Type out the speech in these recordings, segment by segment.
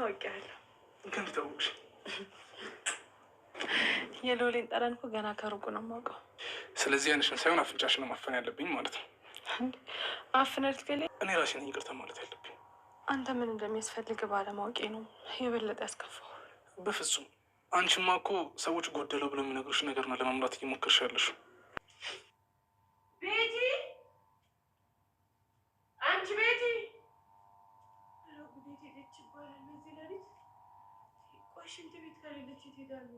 ታውቂያለሁ። ግን ታውቅሽ የሎሌን ጠረን እኮ ገና ከሩቁ ነው የማውቀው። ስለዚህ ዓይንሽን ሳይሆን አፍንጫሽን ማፈን ያለብኝ ማለት ነው። አፍነርት ገ እኔ ራሴ ይቅርታ ማለት ያለብኝ። አንተ ምን እንደሚያስፈልግ ባለማወቄ ነው የበለጠ ያስከፋው። በፍጹም አንቺማ እኮ ሰዎች ጎደለው ብለው የሚነግሩሽ ነገር ነው ለመምራት እየሞከርሽ ያለሽው ሽንት ቤት ከሌለች የት ሄዳሉ?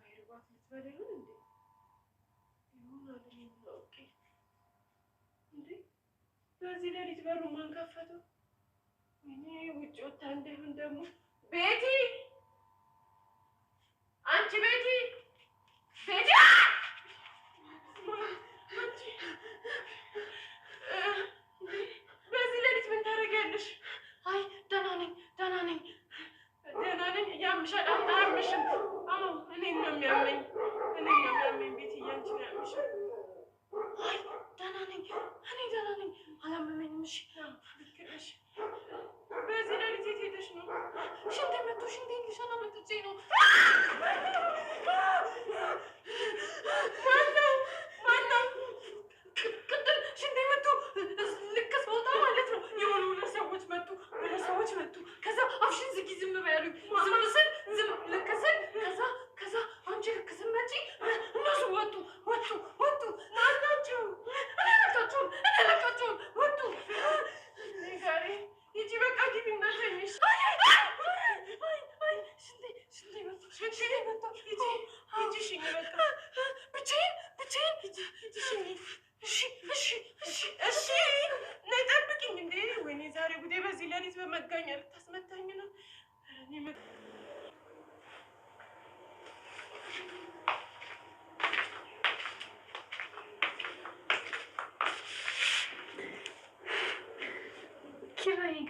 ባይርባት ልትበል እንዴ? ይሁን አውቄ እንዴ። በዚህ ሌሊት በሩ ማን ከፈተው? እኔ ውጭ ወታ እንዳይሆን ደግሞ ቤቲ፣ አንቺ ቤቲ፣ ቤቲ information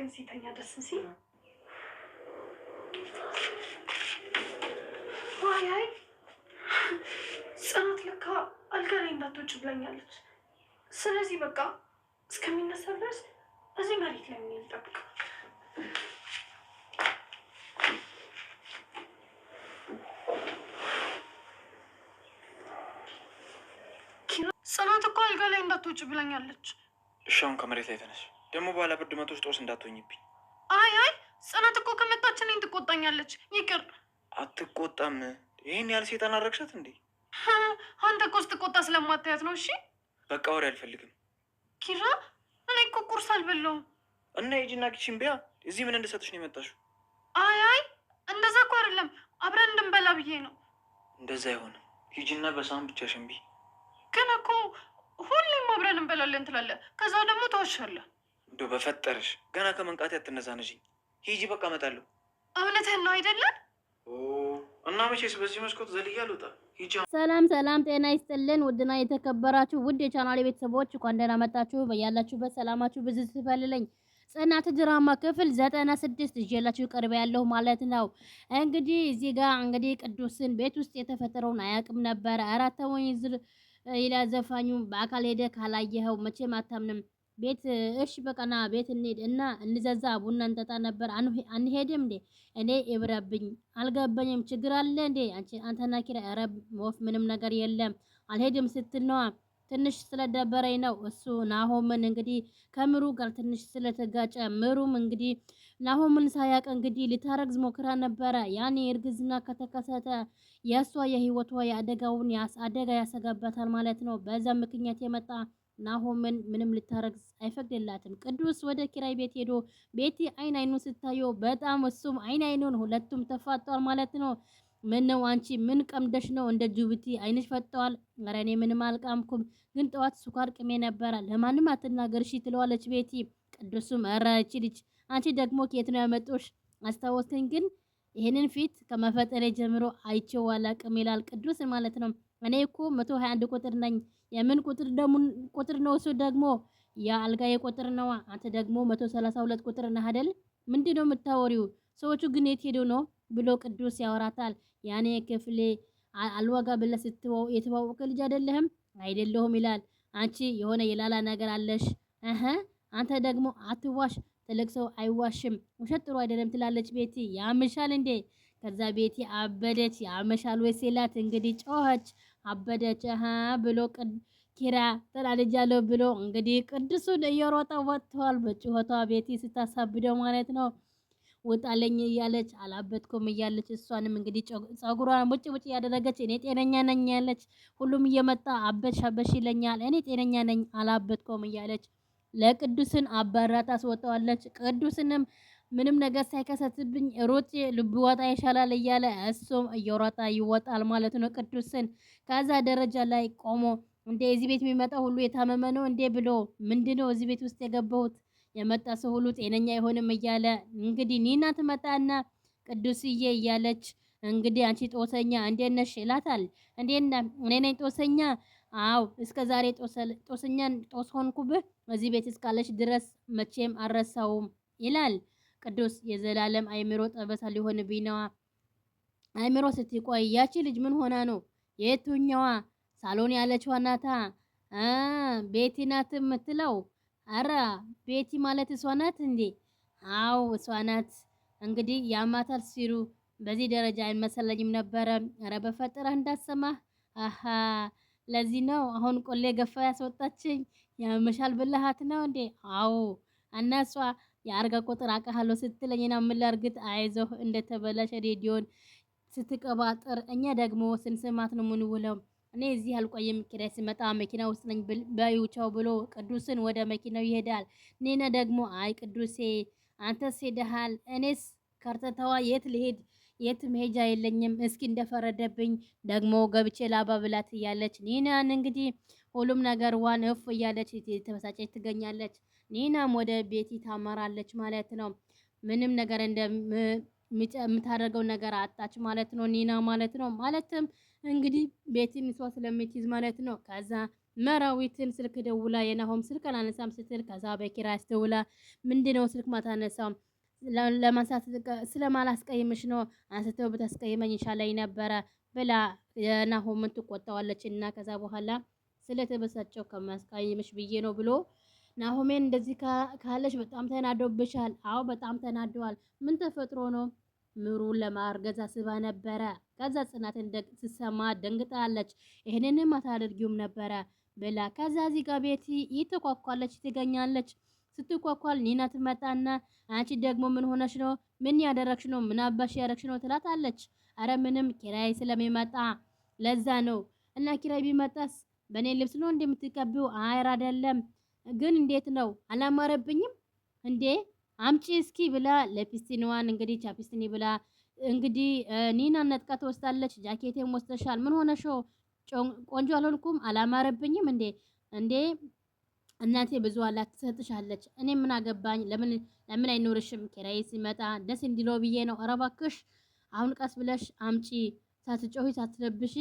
ግን ሲተኛ ደስ ሲል ዋይ ጽናት ልካ አልጋ ላይ እንዳትወጭ ብላኛለች። ስለዚህ በቃ እስከሚነሳ ድረስ እዚህ መሬት ላይ የሚል ጠብቅ። ጽናት እኮ አልጋ ላይ እንዳትወጭ ብላኛለች። እሺ አሁን ከመሬት ላይ ተነሽ። ደግሞ በኋላ ፍርድ መቶ ውስጥ ጦስ እንዳትሆኝብኝ። አይ አይ ጽናት እኮ ከመጣች እኔን ትቆጣኛለች። ይቅር። አትቆጣም። ይህን ያህል ሴጣን አረግሻት እንዴ? አንተ እኮ ስትቆጣ ስለማታያት ነው። እሺ በቃ ወሬ አልፈልግም። ኪራ፣ እኔ እኮ ቁርስ አልበላሁም እና የጅና ኪችን ቢያ እዚህ ምን እንድሰጥሽ ነው የመጣሽው? አይ አይ እንደዛ እኮ አይደለም፣ አብረን እንድንበላ ብዬ ነው። እንደዛ አይሆንም። ሂጂና በሳም ብቻ ሽንቢ። ግን እኮ ሁሌም አብረን እንበላለን ትላለ ከዛ ደግሞ ተዋሻለን። እንዶ በፈጠረሽ ገና ከመንቃት ያትነሳነሽኝ። ሂጂ በቃ እመጣለሁ። እውነትህን ነው አይደለም? እና መቼስ በዚህ መስኮት ዘልያ አልወጣ። ሰላም ሰላም፣ ጤና ይስጥልን ውድና የተከበራችሁ ውድ የቻናሌ ቤተሰቦች እንኳን ደህና መጣችሁ። በያላችሁበት ሰላማችሁ ብዙ ይበልልኝ። ጽናት ድራማ ክፍል ዘጠና ስድስት ይዤላችሁ ቀርቤ ያለሁ ማለት ነው። እንግዲህ እዚህ ጋር እንግዲህ ቅዱስን ቤት ውስጥ የተፈጠረውን አያውቅም ነበረ። አራተወኝ ይላ ዘፋኙ በአካል ሄደ ካላየኸው መቼም አታምንም ቤት እሺ በቀና ቤት እንሄድ እና እንዘዛ ቡና እንጠጣ ነበር። አንሄድም እንዴ? እኔ ይብረብኝ አልገባኝም። ችግር አለ እንዴ? አንቺ አንተና ኪራ ረብ ወፍ ምንም ነገር የለም አልሄድም ስትል ነዋ። ትንሽ ስለደበረኝ ነው። እሱ ናሆምን እንግዲህ ከምሩ ጋር ትንሽ ስለተጋጨ ምሩም እንግዲህ ናሆምን ሳያቅ እንግዲህ ልታረግዝ ሞክራ ነበረ። ያኔ እርግዝና ከተከሰተ የእሷ የህይወቷ የአደጋውን አደጋ ያሰጋበታል ማለት ነው። በዛ ምክንያት የመጣ ናሆምን ምንም ልታረግ አይፈቅድላትም። ቅዱስ ወደ ኪራይ ቤት ሄዶ ቤቲ አይን አይኑን ስታየው በጣም እሱም አይን አይኑን ሁለቱም ተፋጠዋል ማለት ነው። ምን ነው አንቺ ምን ቀምደሽ ነው እንደ ጅቡቲ አይንሽ ፈጠዋል? ኧረ እኔ ምንም አልቃምኩም፣ ግን ጠዋት ስኳር ቅሜ ነበረ። ለማንም አትናገርሺ ትለዋለች ቤቲ። ቅዱስም ኧረ ይቺ ልጅ አንቺ ደግሞ ከየት ነው ያመጡሽ? አስታወስኝ ግን ይህንን ፊት ከመፈጠሬ ጀምሮ አይቼው አላቅም ይላል ቅዱስ ማለት ነው። እኔ እኮ 121 ቁጥር ነኝ። የምን ቁጥር ደሙ ቁጥር ነው? እሱ ደግሞ የአልጋዬ ቁጥር ነው። አንተ ደግሞ 132 ቁጥር ነህ አይደል? ምንድን ነው የምታወሪው? ሰዎቹ ግን የት ሄዱ ነው ብሎ ቅዱስ ያወራታል። ያኔ ክፍሌ አልዋጋ ብለህ ስትወው የተዋወቀ ልጅ አይደለህም? አይደለሁም ይላል። አንቺ የሆነ የላላ ነገር አለሽ እህ አንተ ደግሞ አትዋሽ፣ ትልቅ ሰው አይዋሽም፣ ውሸት ጥሩ አይደለም ትላለች ቤቲ። ያምሻል እንዴ? ከዛ ቤቲ አበደች። ያምሻል ወይ ሲላት እንግዲህ ጮኸች፣ አበደች ብሎ ኪራ ተላልጃለሁ ብሎ እንግዲህ ቅዱሱን እየሮጠ ወጥቷል። በጩኸቷ ቤቲ ስታሳብደው ማለት ነው። ውጣለኝ እያለች አላበትኩም እያለች እሷንም እንግዲህ ጸጉሯን ውጭ ውጭ እያደረገች እኔ ጤነኛ ነኝ ያለች፣ ሁሉም እየመጣ አበሽ አበሽ ይለኛል፣ እኔ ጤነኛ ነኝ አላበትኩም እያለች ለቅዱስን አባራት አስወጣዋለች። ቅዱስንም ምንም ነገር ሳይከሰትብኝ ልብ ወጣ ይሻላል እያለ እሱም እየሮጣ ይወጣል ማለት ነው። ቅዱስን ከዛ ደረጃ ላይ ቆሞ እንዴ እዚህ ቤት የሚመጣ ሁሉ የታመመ ነው እንዴ ብሎ ምንድነው እዚህ ቤት ውስጥ የገባሁት የመጣ ሰው ሁሉ ጤነኛ አይሆንም እያለ እንግዲህ ኒና ትመጣና ቅዱስዬ እያለች እንግዲህ አንቺ ጦሰኛ እንዴት ነሽ ይላታል። እንዴና እኔ ነኝ ጦሰኛ? አዎ እስከ ዛሬ ጦሰኛን ጦስ ሆንኩብህ በዚህ ቤት እስካለች ድረስ መቼም አረሳውም ይላል ቅዱስ። የዘላለም አይምሮ ጠበሳ ሊሆን ቢናዋ አይምሮ ስትቆይ ያቺ ልጅ ምን ሆና ነው? የቱኛዋ ሳሎን ያለችዋ ናታ ቤቲ ናት የምትለው? አረ ቤቲ ማለት እሷ ናት እንዴ? አው እሷ ናት። እንግዲህ ያማታል ሲሉ በዚህ ደረጃ አይመሰለኝም ነበረ። አረ በፈጠረህ እንዳሰማህ። አሃ ለዚህ ነው አሁን ቆሌ ገፋ ያስወጣችኝ። ያመሻል ብልሃት ነው እንዴ? አዎ አናሷ የአልጋ ቁጥር አውቃለሁ ስትለኝ እና ምን ላድርግት፣ አይዞህ እንደተበላሸ ሬዲዮን ስትቀባጥር፣ እኛ ደግሞ ስንስማት ነው የምንውለው። እኔ እዚህ አልቆየም፣ ኪራይ ሲመጣ መኪና ውስጥ ነኝ በይውቻው ብሎ ቅዱስን ወደ መኪናው ይሄዳል። ኔና ደግሞ አይ ቅዱሴ አንተስ ሄደሃል፣ እኔስ ከርተተዋ የት ልሄድ የት መሄጃ የለኝም። እስኪ እንደፈረደብኝ ደግሞ ገብቼ ላባ ብላት እያለች ኒናን እንግዲህ ሁሉም ነገር ዋን እፍ እያለች የተበሳጨች ትገኛለች። ኒናም ወደ ቤቲ ታመራለች ማለት ነው። ምንም ነገር እንደምታደርገው ነገር አጣች ማለት ነው። ኒና ማለት ነው ማለትም እንግዲህ ቤቲን እሷ ስለምትይዝ ማለት ነው። ከዛ መራዊትን ስልክ ደውላ የናሆም ስልክ አላነሳም ስትል ከዛ በኪራ ደውላ ምንድነው ስልክ ማታነሳም ለማንሳት ስለማላስቀይምሽ ነው አንስተው ብታስቀይመኝ ይሻለኝ ነበረ ብላ የናሆምን ትቆጣዋለች እና ከዛ በኋላ ስለተበሳጨው ከማስቃየምሽ ብዬ ነው ብሎ ናሆሜን እንደዚህ ካለሽ በጣም ተናዶብሻል። አዎ በጣም ተናደዋል። ምን ተፈጥሮ ነው? ምሩን ለማርገዝ አስባ ነበረ። ከዛ ጽናትን ስትሰማ ደንግጣለች። ይህንንም አታደርጊውም ነበረ ብላ ከዛ እዚህ ጋር ቤት ይተኳኳለች ትገኛለች። ስትኳኳል ኒና ትመጣና አንቺ ደግሞ ምን ሆነሽ ነው? ምን ያደረግሽ ነው? ምን አባሽ ያደረግሽ ነው ትላታለች። አረ ምንም ኪራይ ስለሚመጣ ለዛ ነው እና ኪራይ ቢመጣስ በእኔ ልብስ ነው እንደምትቀቢው? አይር አይደለም። ግን እንዴት ነው አላማረብኝም እንዴ? አምጪ እስኪ ብላ ለፒስቲንዋን እንግዲህ ቻፒስቲኒ ብላ እንግዲህ ኒና ነጥቃ ትወስዳለች። ጃኬቴም ወስደሻል። ምን ሆነሽ? ቆንጆ አልሆንኩም? አላማረብኝም እንዴ? እንዴ እናቴ ብዙ አላት ትሰጥሻለች። እኔ ምን አገባኝ? ለምን ለምን አይኖርሽም? ኪራይ ሲመጣ ደስ እንዲለው ብዬ ነው። ኧረ እባክሽ አሁን ቀስ ብለሽ አምጪ፣ ሳትጮሂ ሳትረብሺ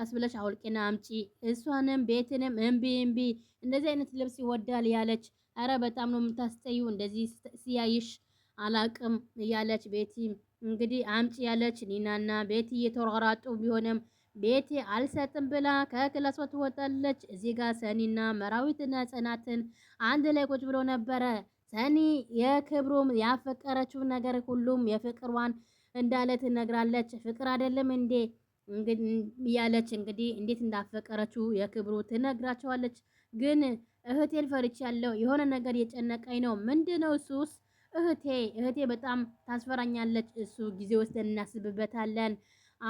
ቀስ ብለሽ አውልቂና አምጪ፣ እሷንም ቤትንም እምቢ እምቢ፣ እንደዚህ አይነት ልብስ ይወዳል ያለች፣ አረ በጣም ነው የምታስጠዩ፣ እንደዚህ ሲያይሽ አላቅም እያለች ቤቲ እንግዲህ አምጪ ያለች ኒናና ቤቲ እየተሯሯጡ ቢሆንም ቤቲ አልሰጥም ብላ ከክላስ ትወጣለች። እዚህ ጋር ሰኒና መራዊትና ጽናትን አንድ ላይ ቁጭ ብሎ ነበረ። ሰኒ የክብሩም ያፈቀረችው ነገር ሁሉም የፍቅሯን እንዳለ ትነግራለች። ፍቅር አይደለም እንዴ እያለች እንግዲህ እንዴት እንዳፈቀረችው የክብሩ ትነግራቸዋለች። ግን እህቴን ያለው የሆነ ነገር የጨነቀኝ ነው። ምንድነው እሱስ? እህቴ እህቴ በጣም ታስፈራኛለች። እሱ ጊዜ ወስደን እናስብበታለን።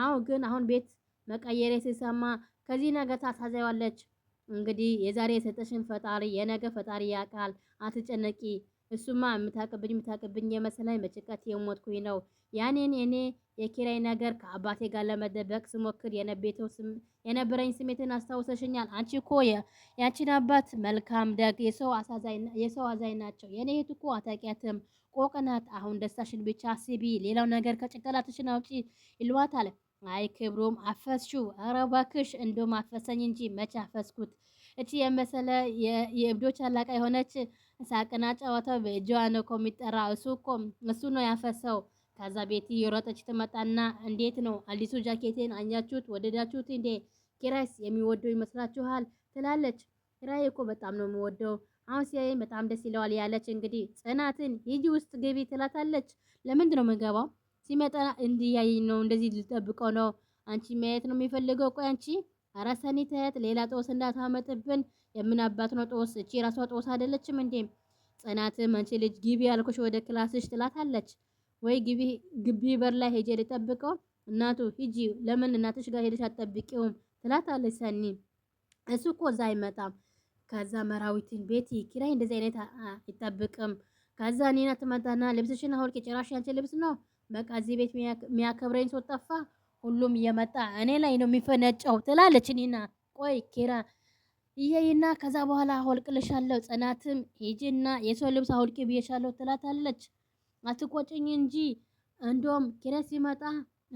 አዎ፣ ግን አሁን ቤት መቀየሬ ሲሰማ ከዚህ ነገር ታሳዘዋለች። እንግዲህ የዛሬ የሰጠሽን ፈጣሪ የነገ ፈጣሪ ያውቃል። አትጨነቂ። እሱማ የምታቅብኝ የምታቅብኝ የመሰለኝ በጭቀት የሞትኩኝ ነው ያኔን እኔ የኪራይ ነገር ከአባቴ ጋር ለመደበቅ ስሞክር የነበረኝ ስሜትን አስታውሰሽኛል። አንቺ እኮ ያንቺን አባት መልካም፣ ደግ፣ የሰው አዛኝ ናቸው። የኔ እህት እኮ አታውቂያትም፣ ቆቅ አሁን ደስታሽን ብቻ አስቢ፣ ሌላው ነገር ከጭንቅላትሽን አውጪ ይሏታል። አይ ክብሩም አፈስሽው። ኧረ እባክሽ እንደውም አፈሰኝ እንጂ መቼ አፈስኩት? እቺ የመሰለ የእብዶች አለቃ የሆነች ሳቅና ጨዋታው በእጇ ነው እኮ የሚጠራ። እሱ እኮ እሱ ነው ያፈሰው። ከዛ ቤት የሮጠች ትመጣና እንዴት ነው አዲሱ ጃኬቴን አኛችሁት? ወደዳችሁት እንዴ? ኪራይስ የሚወደው ይመስላችኋል? ትላለች። ኪራይ እኮ በጣም ነው የሚወደው አሁን ሲያየኝ በጣም ደስ ይለዋል ያለች እንግዲህ ጽናትን ሂጂ ውስጥ ግቢ ትላታለች። ለምንድን ነው የምንገባው? ሲመጣ እንዲያይ ነው እንደዚህ ልጠብቀው ነው። አንቺ ማየት ነው የሚፈልገው። ቆይ አንቺ አራሳኒ ተያት ሌላ ጦስ እንዳታመጥብን። የምናባት ነው ጦስ? እቺ ራሷ ጦስ አይደለችም እንዴ? ጽናትም አንቺ ልጅ ግቢ ያልኩሽ ወደ ክላስሽ ትላታለች። ወይ ግቢ በር ላይ ሄጄ ልጠብቀው። እናቱ ሂጂ፣ ለምን እናትሽ ጋር ሄደሽ አትጠብቂውም? ትላታለች ሰኒ። እሱ እኮ እዛ አይመጣም። ከዛ መራዊትን ቤቲ ኪራይ እንደዚህ አይነት አይጠብቅም። ከዛ ኒና ትመጣና ልብስሽን አውልቂ፣ ጭራሽ ያንቺ ልብስ ነው። በቃ እዚህ ቤት የሚያከብረኝ ሰው ጠፋ፣ ሁሉም እየመጣ እኔ ላይ ነው የሚፈነጨው ትላለች ኒና። ቆይ ኪራ ይሄይና ከዛ በኋላ አውልቅልሻለሁ፣ ጽናትም ሂጂና የሰው ልብስ አውልቂ ብዬሻለሁ ትላታለች። አትቆጭኝ እንጂ እንደውም ኪራይ ሲመጣ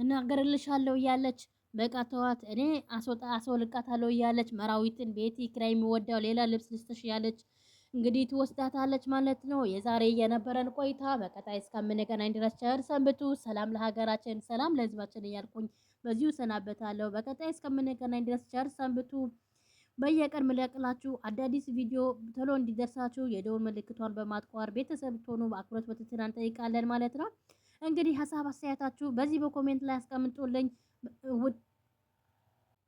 እናገርልሻለሁ እያለች በቃ ተዋት፣ እኔ አስወጣ አስወልቃታለሁ እያለች መራዊትን ቤቲ ኪራይ የሚወዳው ሌላ ልብስ ልስጥሽ እያለች እንግዲህ ትወስዳታለች ማለት ነው። የዛሬ የነበረን ቆይታ በቀጣይ እስከምንገናኝ ድረስ ቸር ሰንብቱ። ሰላም ለሀገራችን፣ ሰላም ለሕዝባችን እያልኩኝ በዚሁ ሰናበታለሁ። በቀጣይ እስከምንገናኝ ድረስ ቸር ሰንብቱ። በየቀን ምለቅላችሁ አዳዲስ ቪዲዮ ቶሎ እንዲደርሳችሁ የደውል ምልክቷን በማጥቋር ቤተሰብ ትሆኑ በአክብሮት በትህትና እንጠይቃለን ማለት ነው። እንግዲህ ሀሳብ አስተያየታችሁ በዚህ በኮሜንት ላይ አስቀምጡልኝ።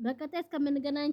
በቀጣይ እስከምንገናኝ